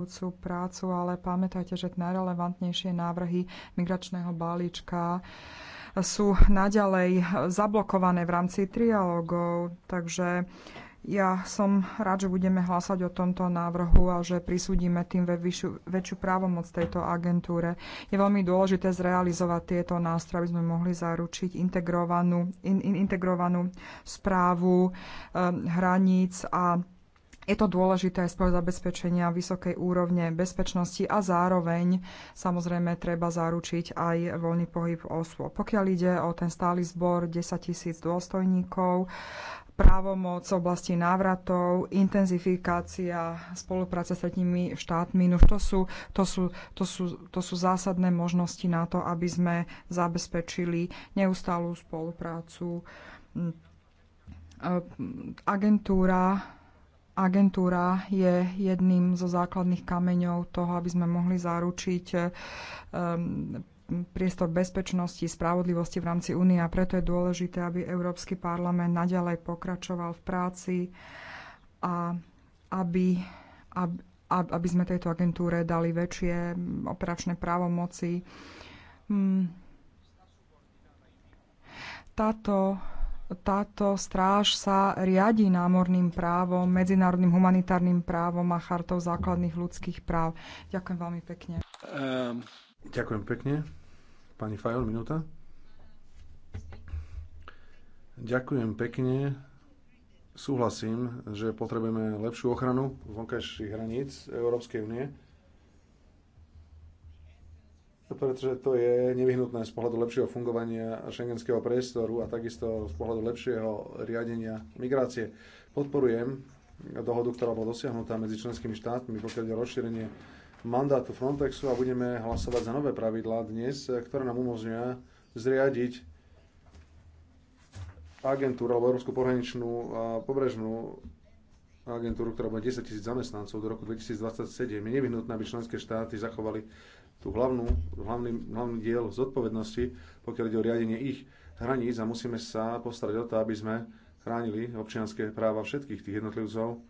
vynikajúcu prácu, ale pamätajte, že najrelevantnejšie návrhy migračného balíčka sú naďalej zablokované v rámci trialogov, takže ja som rád, že budeme hlasať o tomto návrhu a že prisúdime tým väčšiu, väčšiu právomoc tejto agentúre. Je veľmi dôležité zrealizovať tieto nástroje, aby sme mohli zaručiť integrovanú, in, in, integrovanú správu um, hraníc a je to dôležité aj zabezpečenia vysokej úrovne bezpečnosti a zároveň samozrejme treba zaručiť aj voľný pohyb osôb. Pokiaľ ide o ten stály zbor 10 tisíc dôstojníkov, právomoc v oblasti návratov, intenzifikácia spolupráce s tretími štátmi. No to sú, to, sú, to, sú, to sú zásadné možnosti na to, aby sme zabezpečili neustálú spoluprácu. Hm, e, agentúra agentúra je jedným zo základných kameňov toho, aby sme mohli zaručiť um, priestor bezpečnosti, spravodlivosti v rámci únie a preto je dôležité, aby Európsky parlament naďalej pokračoval v práci a aby, aby, aby sme tejto agentúre dali väčšie operačné právomoci. Hm. Táto táto stráž sa riadi námorným právom, medzinárodným humanitárnym právom a chartou základných ľudských práv. Ďakujem veľmi pekne. Um, ďakujem pekne. Pani Fajol, minúta. Ďakujem pekne. Súhlasím, že potrebujeme lepšiu ochranu vonkajších hraníc Európskej únie pretože to je nevyhnutné z pohľadu lepšieho fungovania šengenského priestoru a takisto z pohľadu lepšieho riadenia migrácie. Podporujem dohodu, ktorá bola dosiahnutá medzi členskými štátmi, pokiaľ je rozšírenie mandátu Frontexu a budeme hlasovať za nové pravidlá dnes, ktoré nám umožňujú zriadiť agentúru alebo Európsku pohraničnú a pobrežnú agentúru, ktorá bude 10 tisíc zamestnancov do roku 2027. Je nevyhnutné, aby členské štáty zachovali tú hlavnú, hlavný, hlavný diel zodpovednosti, pokiaľ ide o riadenie ich hraníc a musíme sa postarať o to, aby sme chránili občianské práva všetkých tých jednotlivcov,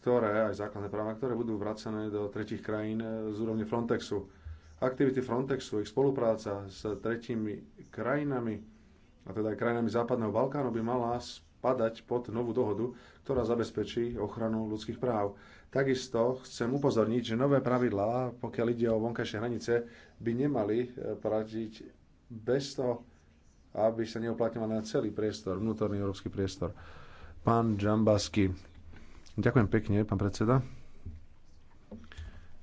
ktoré, aj základné práva, ktoré budú vracené do tretich krajín e, z úrovne Frontexu. Aktivity Frontexu, ich spolupráca s tretími krajinami, a teda aj krajinami Západného Balkánu by mala spadať pod novú dohodu, ktorá zabezpečí ochranu ľudských práv. Takisto chcem upozorniť, že nové pravidlá, pokiaľ ide o vonkajšie hranice, by nemali e, platiť bez toho, aby sa neoplatňovali na celý priestor, vnútorný európsky priestor. Pán Džambasky. Ďakujem pekne, pán predseda.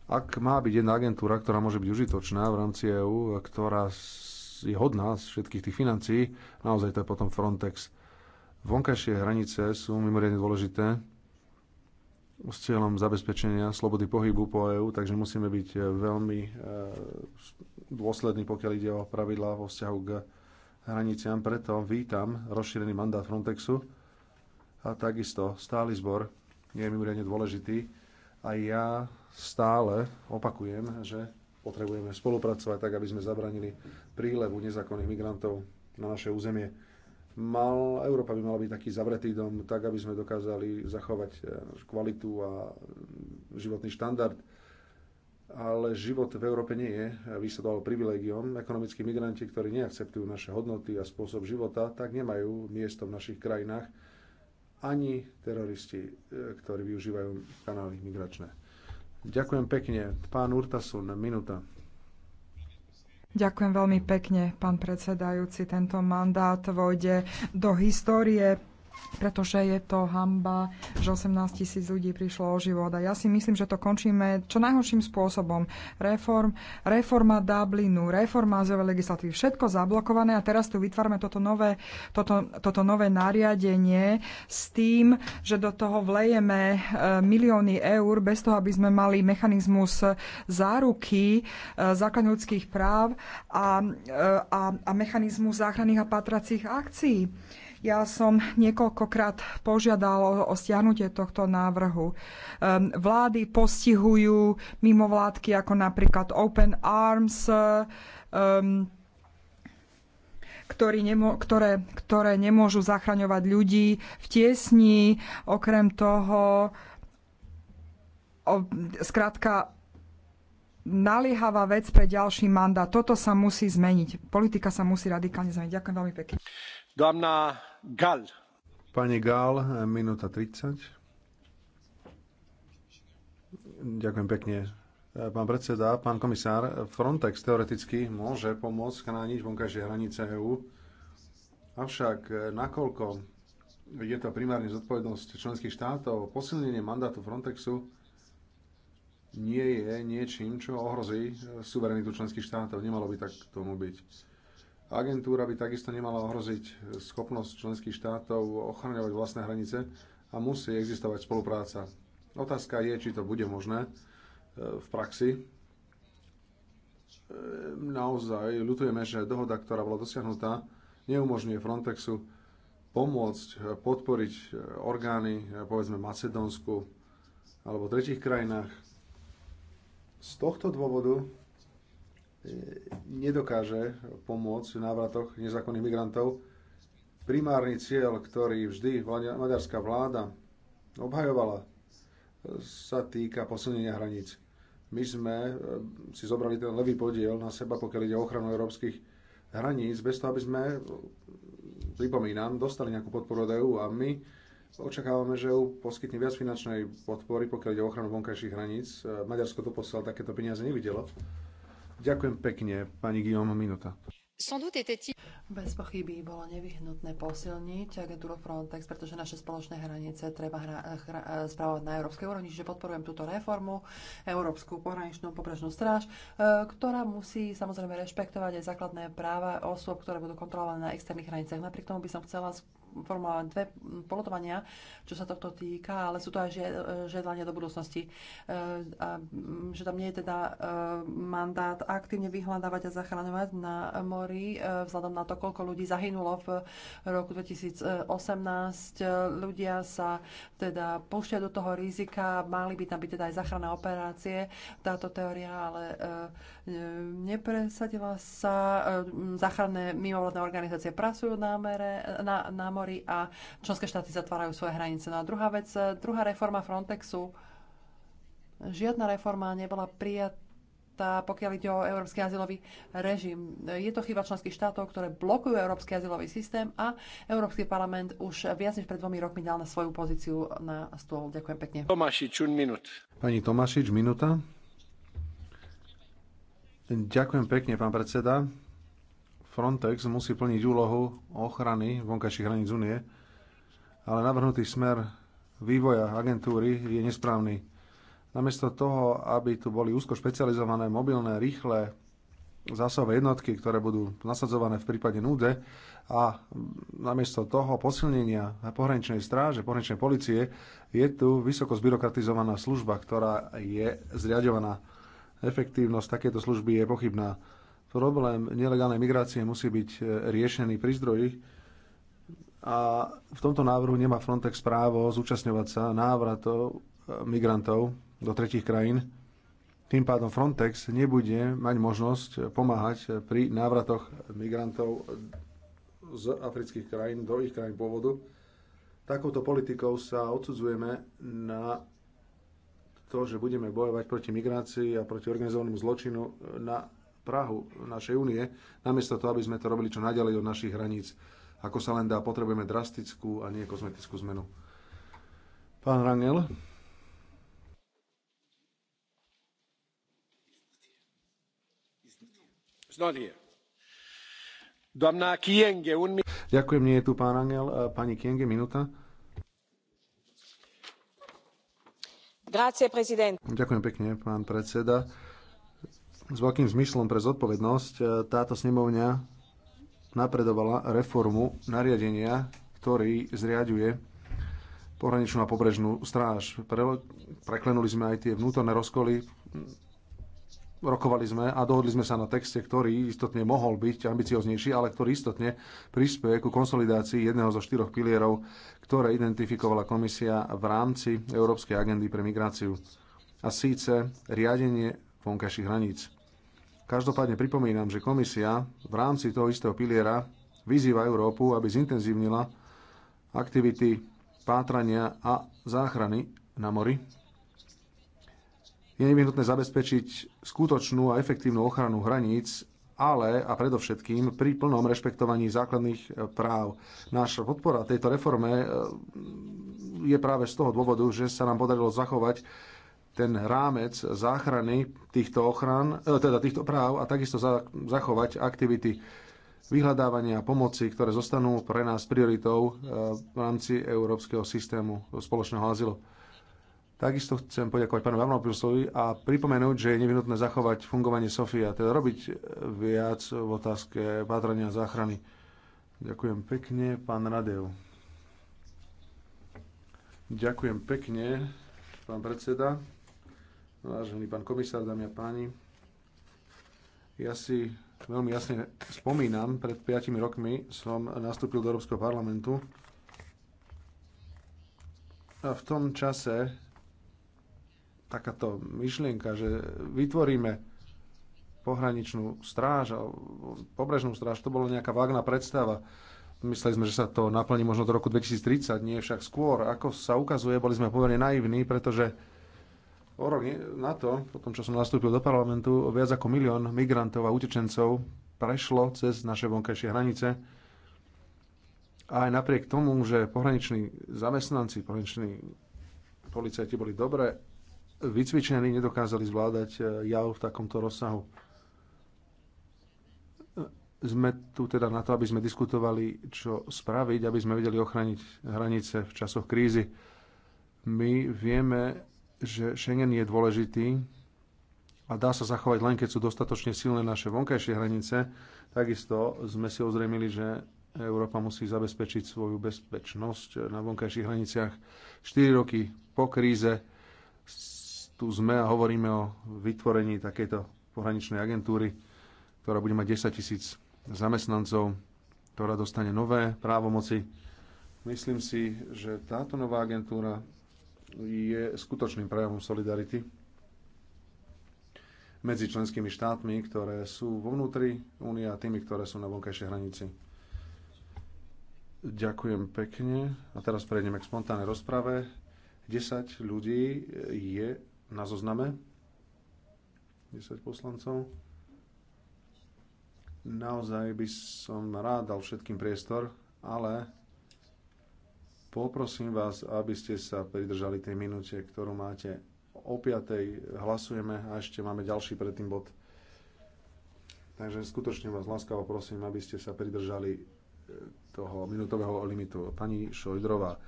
Ak má byť jedna agentúra, ktorá môže byť užitočná v rámci EÚ, ktorá je hodná z všetkých tých financií, naozaj to je potom Frontex Vonkajšie hranice sú mimoriadne dôležité s cieľom zabezpečenia slobody pohybu po EÚ, takže musíme byť e, veľmi e, dôslední, pokiaľ ide o pravidlá vo vzťahu k hraniciam. Preto vítam rozšírený mandát Frontexu a takisto stály zbor je mimoriadne dôležitý a ja stále opakujem, že potrebujeme spolupracovať tak, aby sme zabranili prílevu nezákonných migrantov na naše územie mal, Európa by mala byť taký zavretý dom, tak aby sme dokázali zachovať eh, kvalitu a mm, životný štandard. Ale život v Európe nie je eh, vysadol privilegiom. Ekonomickí migranti, ktorí neakceptujú naše hodnoty a spôsob života, tak nemajú miesto v našich krajinách ani teroristi, eh, ktorí využívajú kanály migračné. Ďakujem pekne. Pán Urtasun, minúta. Ďakujem veľmi pekne, pán predsedajúci. Tento mandát vojde do histórie pretože je to hamba, že 18 tisíc ľudí prišlo o život. A ja si myslím, že to končíme čo najhorším spôsobom. Reform, reforma Dublinu, reforma azylovej legislatívy, všetko zablokované a teraz tu vytvárme toto nové, toto, toto nové nariadenie s tým, že do toho vlejeme e, milióny eur bez toho, aby sme mali mechanizmus záruky e, základných ľudských práv a, e, a, a mechanizmus záchranných a patracích akcií. Ja som niekoľko niekoľkokrát požiadal o stiahnutie tohto návrhu. Vlády postihujú mimovládky ako napríklad Open Arms, e, ktorý nemo, ktoré, ktoré nemôžu zachraňovať ľudí v tiesni. Okrem toho, o, skrátka, naliehavá vec pre ďalší mandát. Toto sa musí zmeniť. Politika sa musí radikálne zmeniť. Ďakujem veľmi pekne. Dámna Gal. Pani Gál, minúta 30. Ďakujem pekne. Pán predseda, pán komisár, Frontex teoreticky môže pomôcť chrániť vonkajšie hranice EÚ, avšak nakoľko je to primárne zodpovednosť členských štátov, posilnenie mandátu Frontexu nie je niečím, čo ohrozí suverenitu členských štátov. Nemalo by tak tomu byť Agentúra by takisto nemala ohroziť schopnosť členských štátov ochraňovať vlastné hranice a musí existovať spolupráca. Otázka je, či to bude možné e, v praxi. E, naozaj ľutujeme, že dohoda, ktorá bola dosiahnutá, neumožňuje Frontexu pomôcť, podporiť e, orgány, povedzme Macedónsku alebo tretich krajinách. Z tohto dôvodu nedokáže pomôcť v návratoch nezákonných migrantov. Primárny cieľ, ktorý vždy maďarská vláda obhajovala, e, sa týka posilnenia hraníc. My sme e, si zobrali ten levý podiel na seba, pokiaľ ide o ochranu európskych hraníc, bez toho, aby sme, pripomínam, dostali nejakú podporu od EÚ a my očakávame, že EÚ poskytne viac finančnej podpory, pokiaľ ide o ochranu vonkajších hraníc. E, Maďarsko doposiaľ takéto peniaze nevidelo. Ďakujem pekne, pani Guillaume, minúta. Bez pochyby bolo nevyhnutné posilniť agentúru Frontex, pretože naše spoločné hranice treba hra, hra, spravovať na európskej úrovni, čiže podporujem túto reformu, Európsku pohraničnú pobrežnú stráž, e, ktorá musí samozrejme rešpektovať aj základné práva osôb, ktoré budú kontrolované na externých hraniciach. Napriek tomu by som chcela Formula dve polotovania, čo sa tohto týka, ale sú to aj žiadania do budúcnosti. E, a, že tam nie je teda e, mandát aktívne vyhľadávať a zachraňovať na mori, e, vzhľadom na to, koľko ľudí zahynulo v roku 2018. Ľudia sa teda púšťajú do toho rizika, mali by tam byť teda aj záchranné operácie. Táto teória ale nepresadila sa. Záchranné mimovládne organizácie prasujú na, mere, na, na mori, hovorí a členské štáty zatvárajú svoje hranice. No a druhá vec, eh, druhá reforma Frontexu. Žiadna reforma nebola prijatá tá, pokiaľ ide o európsky azylový režim. Je to chyba členských štátov, ktoré blokujú európsky azylový systém a Európsky parlament už viac než pred dvomi rokmi dal na svoju pozíciu na stôl. Ďakujem pekne. Tomášič, un minút. Pani Tomášič, minúta. Ďakujem pekne, pán predseda. Frontex musí plniť úlohu ochrany vonkajších hraníc únie, ale navrhnutý smer vývoja agentúry je nesprávny. Namiesto toho, aby tu boli úzko špecializované, mobilné, rýchle zásové jednotky, ktoré budú nasadzované v prípade núde a namiesto toho posilnenia pohraničnej stráže, pohraničnej policie, je tu vysoko zbyrokratizovaná služba, ktorá je zriadovaná. Efektívnosť takéto služby je pochybná Problém nelegálnej migrácie musí byť e, riešený pri zdroji a v tomto návrhu nemá Frontex právo zúčastňovať sa návratov e, migrantov do tretich krajín. Tým pádom Frontex nebude mať možnosť pomáhať pri návratoch migrantov z afrických krajín do ich krajín pôvodu. Takouto politikou sa odsudzujeme na to, že budeme bojovať proti migrácii a proti organizovanému zločinu na Prahu našej únie, namiesto toho, aby sme to robili čo najďalej od našich hraníc. Ako sa len dá, potrebujeme drastickú a nie kozmetickú zmenu. Pán Rangel. Ďakujem, nie je tu pán Rangel. Eh, pani Kienge, minúta. Ďakujem pekne, pán predseda s veľkým zmyslom pre zodpovednosť e, táto snemovňa napredovala reformu nariadenia, ktorý zriaďuje pohraničnú a pobrežnú stráž. Pre, preklenuli sme aj tie vnútorné rozkoly, rokovali sme a dohodli sme sa na texte, ktorý istotne mohol byť ambicioznejší, ale ktorý istotne prispieje ku konsolidácii jedného zo štyroch pilierov, ktoré identifikovala komisia v rámci Európskej agendy pre migráciu. A síce riadenie vonkajších hraníc. Každopádne pripomínam, že komisia v rámci toho istého piliera vyzýva Európu, aby zintenzívnila aktivity pátrania a záchrany na mori. Je nevyhnutné zabezpečiť skutočnú a efektívnu ochranu hraníc, ale a predovšetkým pri plnom rešpektovaní základných e, práv. Náša podpora tejto reforme e, je práve z toho dôvodu, že sa nám podarilo zachovať ten rámec záchrany týchto ochran, e, teda týchto práv a takisto zachovať aktivity vyhľadávania a pomoci, ktoré zostanú pre nás prioritou e, v rámci európskeho systému spoločného azylu. Takisto chcem poďakovať pánu Avnopilsovi a pripomenúť, že je nevyhnutné zachovať fungovanie Sofia, teda robiť viac v otázke pátrania a záchrany. Ďakujem pekne, pán Radev. Ďakujem pekne, pán predseda vážený pán komisár, dámy a páni. Ja si veľmi jasne spomínam, pred 5 rokmi som nastúpil do Európskeho parlamentu a v tom čase takáto myšlienka, že vytvoríme pohraničnú stráž, pobrežnú stráž, to bola nejaká vágna predstava. Mysleli sme, že sa to naplní možno do roku 2030, nie však skôr. Ako sa ukazuje, boli sme pomerne naivní, pretože O rok na to, po tom, čo som nastúpil do parlamentu, viac ako milión migrantov a utečencov prešlo cez naše vonkajšie hranice. A aj napriek tomu, že pohraniční zamestnanci, pohraniční policajti boli dobre vycvičení, nedokázali zvládať eh, jav v takomto rozsahu. Sme tu teda na to, aby sme diskutovali, čo spraviť, aby sme vedeli ochraniť hranice v časoch krízy. My vieme, že Schengen je dôležitý a dá sa zachovať len, keď sú dostatočne silné naše vonkajšie hranice. Takisto sme si ozrejmili, že Európa musí zabezpečiť svoju bezpečnosť na vonkajších hraniciach. 4 roky po kríze tu sme a hovoríme o vytvorení takejto pohraničnej agentúry, ktorá bude mať 10 tisíc zamestnancov, ktorá dostane nové právomoci. Myslím si, že táto nová agentúra je skutočným prejavom solidarity medzi členskými štátmi, ktoré sú vo vnútri únie a tými, ktoré sú na vonkajšej hranici. Ďakujem pekne. A teraz prejdeme k spontánnej rozprave. 10 ľudí je na zozname. 10 poslancov. Naozaj by som rád dal všetkým priestor, ale Poprosím vás, aby ste sa pridržali tej minúte, ktorú máte. O 5. hlasujeme a ešte máme ďalší predtým bod. Takže skutočne vás láskavo prosím, aby ste sa pridržali e, toho minútového limitu. Pani Šojdrová,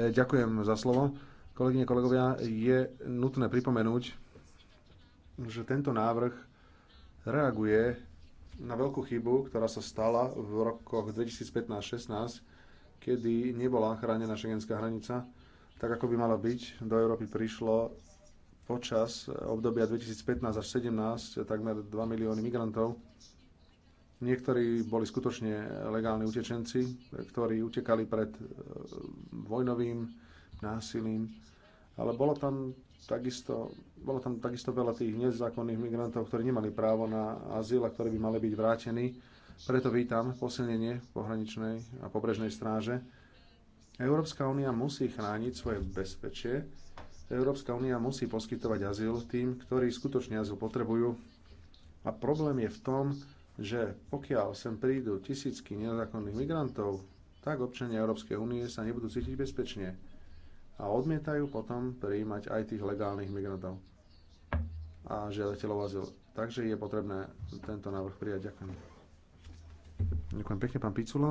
e, ďakujem za slovo. Kolegyne, kolegovia, je nutné pripomenúť, že tento návrh reaguje na veľkú chybu, ktorá sa stala v rokoch 2015-16, kedy nebola chránená šengenská hranica, tak ako by mala byť, do Európy prišlo počas obdobia 2015 až 2017 takmer 2 milióny migrantov. Niektorí boli skutočne legálni utečenci, ktorí utekali pred e, vojnovým násilím, ale bolo tam takisto, bolo tam takisto veľa tých nezákonných migrantov, ktorí nemali právo na azyl a ktorí by mali byť vrátení preto vítam posilnenie pohraničnej a pobrežnej stráže. Európska únia musí chrániť svoje bezpečie. Európska únia musí poskytovať azyl tým, ktorí skutočne azyl potrebujú. A problém je v tom, že pokiaľ sem prídu tisícky nezákonných migrantov, tak občania Európskej únie sa nebudú cítiť bezpečne a odmietajú potom prijímať aj tých legálnych migrantov a žiadateľov azyl. Takže je potrebné tento návrh prijať. Ďakujem. Ďakujem pekne, pán Picula.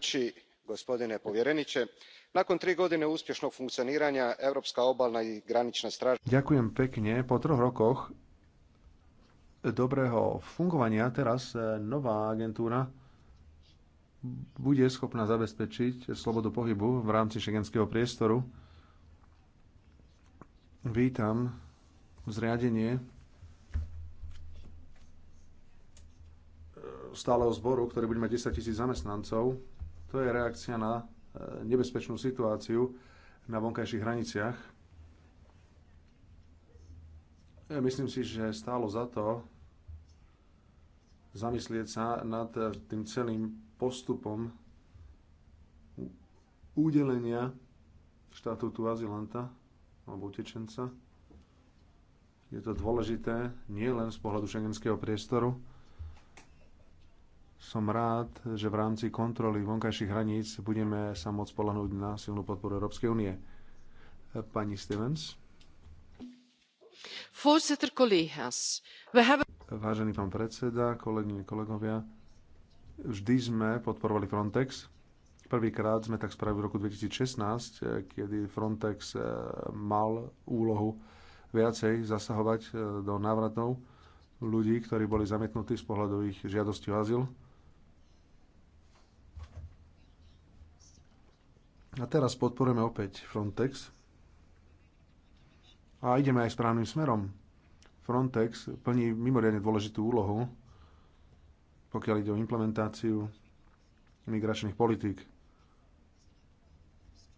Či, gospodine povjereniče, nakon tri godine uspješnog funkcioniranja Európska obalna i granična straža... Ďakujem pekne. Po troch rokoch dobrého fungovania teraz e, nová agentúra bude schopná zabezpečiť slobodu pohybu v rámci šengenského priestoru. Vítam zriadenie stáleho zboru, ktorý bude mať 10 tisíc zamestnancov. To je reakcia na e, nebezpečnú situáciu na vonkajších hraniciach. Ja myslím si, že stálo za to zamyslieť sa nad e, tým celým postupom udelenia štatútu azylanta alebo utečenca. Je to dôležité nielen z pohľadu šengenského priestoru, som rád, že v rámci kontroly vonkajších hraníc budeme sa môcť spolahnúť na silnú podporu Európskej únie. Pani Stevens. Vážený pán predseda, kolegyne, kolegovia, vždy sme podporovali Frontex. Prvýkrát sme tak spravili v roku 2016, kedy Frontex eh, mal úlohu viacej zasahovať eh, do návratov ľudí, ktorí boli zamietnutí z pohľadu ich žiadosti o azyl. A teraz podporujeme opäť Frontex a ideme aj správnym smerom. Frontex plní mimoriadne dôležitú úlohu, pokiaľ ide o implementáciu migračných politík.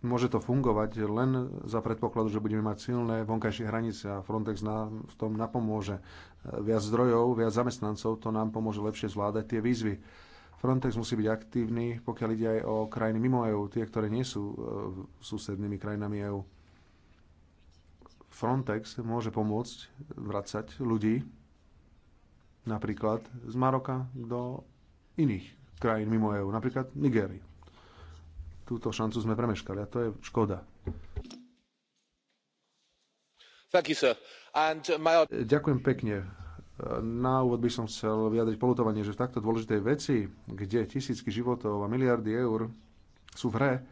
Môže to fungovať len za predpokladu, že budeme mať silné vonkajšie hranice a Frontex nám v tom napomôže. Viac zdrojov, viac zamestnancov, to nám pomôže lepšie zvládať tie výzvy Frontex musí byť aktívny, pokiaľ ide aj o krajiny mimo EÚ, tie, ktoré nie sú e, susednými krajinami EÚ. Frontex môže pomôcť vracať ľudí napríklad z Maroka do iných krajín mimo EÚ, napríklad Nigériu. Túto šancu sme premeškali a to je škoda. You, my... Ďakujem pekne na úvod by som chcel vyjadriť polutovanie, že v takto dôležitej veci, kde tisícky životov a miliardy eur sú v hre, e,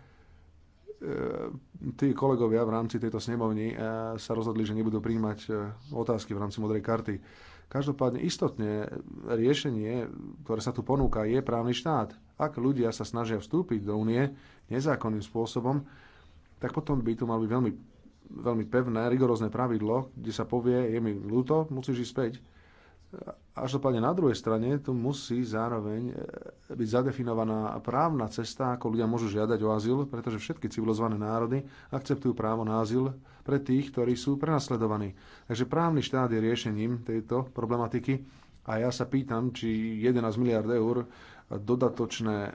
tí kolegovia v rámci tejto snemovny e, sa rozhodli, že nebudú príjmať e, otázky v rámci modrej karty. Každopádne istotne riešenie, ktoré sa tu ponúka, je právny štát. Ak ľudia sa snažia vstúpiť do únie nezákonným spôsobom, tak potom by tu mal byť veľmi, veľmi pevné, rigorózne pravidlo, kde sa povie, je mi ľúto, musíš ísť späť Každopádne na druhej strane tu musí zároveň e, byť zadefinovaná právna cesta, ako ľudia môžu žiadať o azyl, pretože všetky civilizované národy akceptujú právo na azyl pre tých, ktorí sú prenasledovaní. Takže právny štát je riešením tejto problematiky a ja sa pýtam, či 11 miliard eur dodatočné e,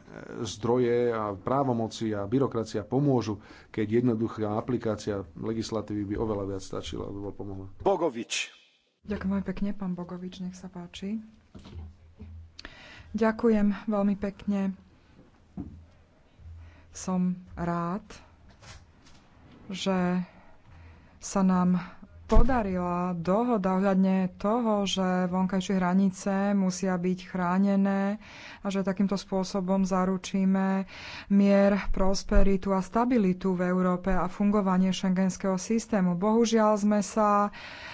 zdroje a právomoci a byrokracia pomôžu, keď jednoduchá aplikácia legislatívy by oveľa viac stačila, aby bol pomohla. Bogovič. Ďakujem veľmi pekne, pán Bogovič, nech sa páči. Ďakujem veľmi pekne. Som rád, že sa nám podarila dohoda ohľadne toho, že vonkajšie hranice musia byť chránené a že takýmto spôsobom zaručíme mier, prosperitu a stabilitu v Európe a fungovanie šengenského systému. Bohužiaľ sme sa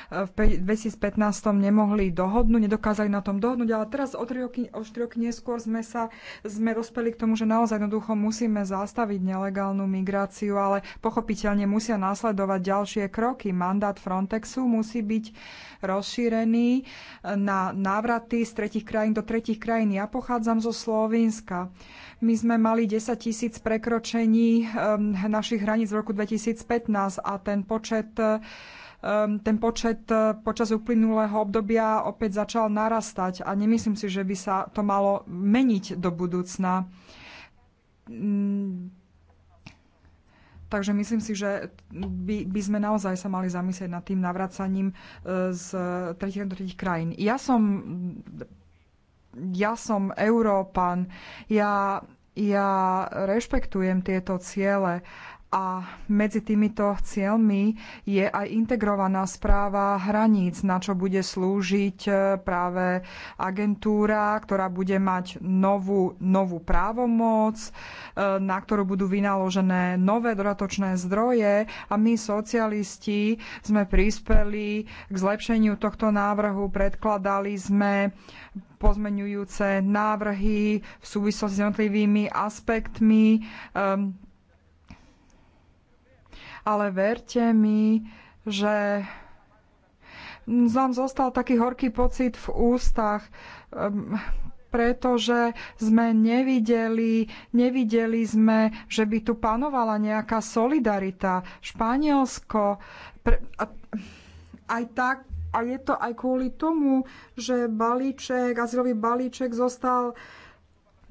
eh, v 2015 nemohli dohodnúť, nedokázali na tom dohodnúť, ale teraz o 3 roky, o 4 roky neskôr sme sa sme dospeli k tomu, že naozaj jednoducho musíme zastaviť nelegálnu migráciu, ale pochopiteľne musia následovať ďalšie kroky. Mandát front Frontexu musí byť rozšírený na návraty z tretich krajín do tretich krajín. Ja pochádzam zo Slovenska. My sme mali 10 tisíc prekročení ehm, našich hraníc v roku 2015 a ten počet ehm, ten počet e, počas uplynulého obdobia opäť začal narastať a nemyslím si, že by sa to malo meniť do budúcna mm, Takže myslím si, že by, by sme naozaj sa mali zamyslieť nad tým navracaním e, z tretich do tretich krajín. Ja som, ja som Európan, ja, ja rešpektujem tieto ciele, a medzi týmito cieľmi je aj integrovaná správa hraníc, na čo bude slúžiť e, práve agentúra, ktorá bude mať novú, novú právomoc, e, na ktorú budú vynaložené nové dodatočné zdroje a my socialisti sme prispeli k zlepšeniu tohto návrhu, predkladali sme pozmeňujúce návrhy v súvislosti s jednotlivými aspektmi um, ale verte mi, že nám zostal taký horký pocit v ústach, ehm, pretože sme nevideli, nevideli sme, že by tu panovala nejaká solidarita. Španielsko, pre, a, aj tak, a je to aj kvôli tomu, že balíček, azylový balíček zostal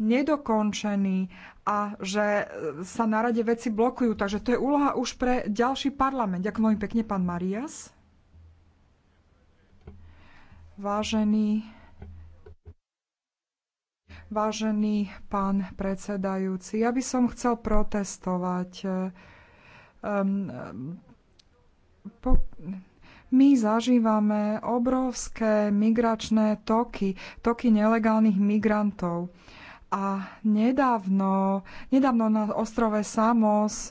nedokončený a že e, sa na rade veci blokujú. Takže to je úloha už pre ďalší parlament. Ďakujem veľmi pekne, pán Marias. Vážený, vážený pán predsedajúci, ja by som chcel protestovať. Um, po, my zažívame obrovské migračné toky, toky nelegálnych migrantov. A nedávno, nedávno na ostrove Samos e,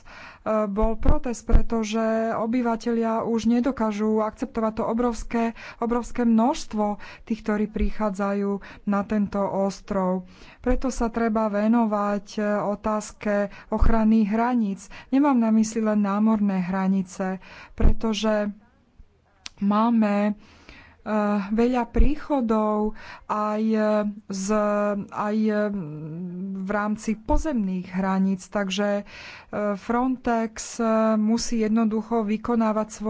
bol protest, pretože obyvateľia už nedokážu akceptovať to obrovské, obrovské množstvo tých, ktorí prichádzajú na tento ostrov. Preto sa treba venovať e, otázke ochrany hraníc. Nemám na mysli len námorné hranice, pretože máme Eh, veľa príchodov aj, eh, z, aj eh, v rámci pozemných hraníc, takže Frontex musí jednoducho vykonávať svoje